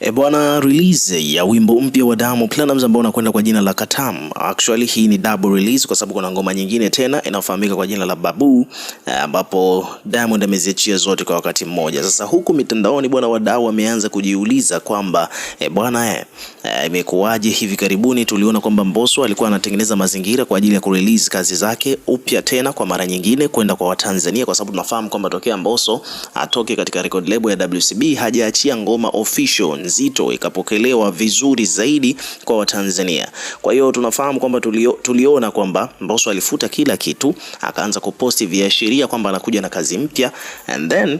E bwana, release ya wimbo mpya wa Diamond Platnumz ambao unakwenda kwa jina la Katam. Actually hii ni double release kwa sababu kuna ngoma nyingine tena inayofahamika kwa jina la Babu e, ambapo Diamond ameziachia zote kwa wakati mmoja. Sasa huku mitandaoni bwana, wadau wameanza kujiuliza kwamba e bwana, e, e, imekuwaje? E, hivi karibuni tuliona kwamba Mbosso alikuwa anatengeneza mazingira kwa ajili ya kurelease kazi zake upya tena kwa mara nyingine kwenda kwa Watanzania, kwa sababu tunafahamu kwamba tokea Mbosso atoke katika record label ya WCB hajaachia ngoma official nzito ikapokelewa vizuri zaidi kwa Watanzania. Kwa hiyo tunafahamu kwamba tulio, tuliona kwamba Mbosso alifuta kila kitu akaanza kuposti viashiria kwamba anakuja na kazi mpya and then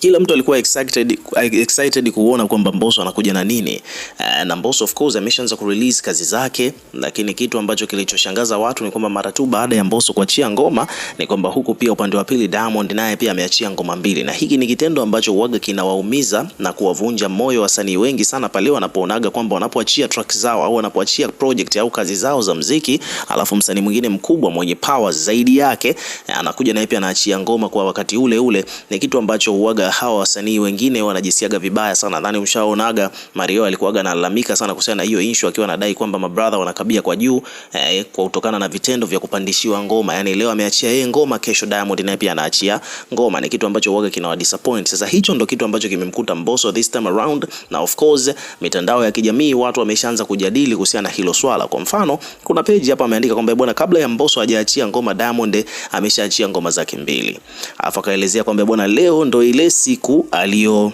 kila mtu alikuwa excited, excited kuona kwamba Mbosso anakuja na nini. Eh, na Mbosso of course ameshaanza ku release kazi zake, lakini kitu ambacho kilichoshangaza watu ni kwamba mara tu baada ya Mbosso kuachia ngoma ni kwamba huku pia upande wa pili Diamond naye pia ameachia ngoma mbili, na hiki ni kitendo ambacho uwaga kinawaumiza na kuwavunja moyo wasanii wengi sana pale wanapoonaga kwamba wanapoachia track zao au wanapoachia project au kazi zao za mziki, alafu msanii mwingine mkubwa mwenye power zaidi yake eh, anakuja naye pia anaachia ngoma kwa wakati ule ule, ni kitu ambacho uwaga hawa wasanii wengine wanajisiaga vibaya sana. Nadhani umshaonaga Mario alikuwaga analalamika sana kuhusiana na hiyo issue, akiwa anadai kwamba mabrother wanakabia kwa juu eh, kwa kutokana na vitendo vya kupandishiwa ngoma. Yani leo ameachia yeye ngoma, kesho Diamond naye pia anaachia ngoma, ni kitu ambacho huaga kinawa disappoint. Sasa hicho ndo kitu ambacho kimemkuta Mbosso this time around, na of course mitandao ya kijamii watu wameshaanza kujadili kuhusiana na hilo swala. Kwa mfano, kuna page hapa ameandika kwamba bwana, kabla ya Mbosso hajaachia ngoma Diamond ameshaachia ngoma zake mbili, afu akaelezea kwamba bwana, leo ndo ile siku aliyo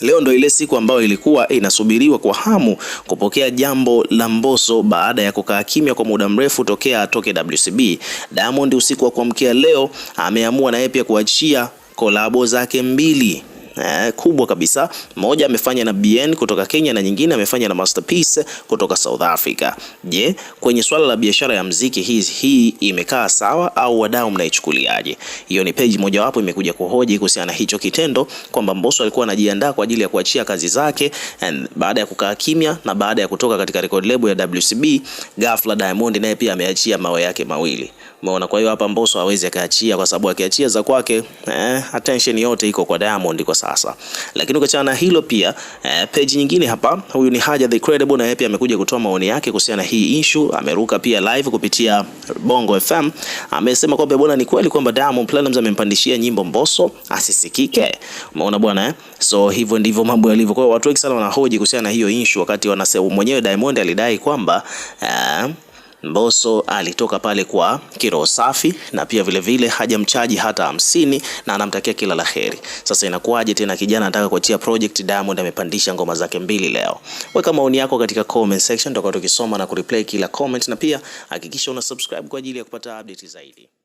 Leo ndo ile siku ambayo ilikuwa inasubiriwa kwa hamu kupokea jambo la Mbosso baada ya kukaa kimya kwa muda mrefu tokea atoke WCB. Diamond usiku wa kuamkia leo ameamua na yeye pia kuachia kolabo zake mbili eh, kubwa kabisa. Moja amefanya na BN kutoka Kenya na nyingine amefanya na Masterpiece kutoka South Africa. Je, kwenye swala la biashara ya mziki hii hii imekaa sawa au wadau mnaichukuliaje? Hiyo ni page mojawapo imekuja kuhoji kuhusiana na hicho kitendo kwamba Mbosso alikuwa anajiandaa kwa ajili ya kuachia kazi zake and baada ya kukaa kimya na baada ya kutoka katika record label ya WCB, ghafla Diamond naye pia ameachia mawe yake mawili. Umeona, kwa hiyo hapa Mbosso hawezi akaachia kwa sababu akiachia za kwake eh, attention yote iko kwa Diamond kwa sababu sasa. Lakini ukiachana na hilo pia eh, page nyingine hapa, huyu ni Haja the Credible na yeye pia amekuja kutoa maoni yake kuhusiana na hii issue. Ameruka pia live kupitia Bongo FM, amesema kwamba bwana, ni kweli kwamba Diamond Platnumz amempandishia nyimbo Mbosso asisikike. Umeona bwana eh? So hivyo ndivyo mambo yalivyo. Kwa hiyo watu wengi sana wanahoji kuhusiana na hiyo issue, wakati wanasema mwenyewe Diamond alidai kwamba eh, Mbosso alitoka pale kwa kiroho safi na pia vilevile hajamchaji hata hamsini na anamtakia kila la heri. Sasa inakuwaje tena kijana anataka kuachia project? Diamond amepandisha ngoma zake mbili leo. Weka maoni yako katika comment section, tutakuwa tukisoma na kureplay kila comment, na pia hakikisha una subscribe kwa ajili ya kupata update zaidi.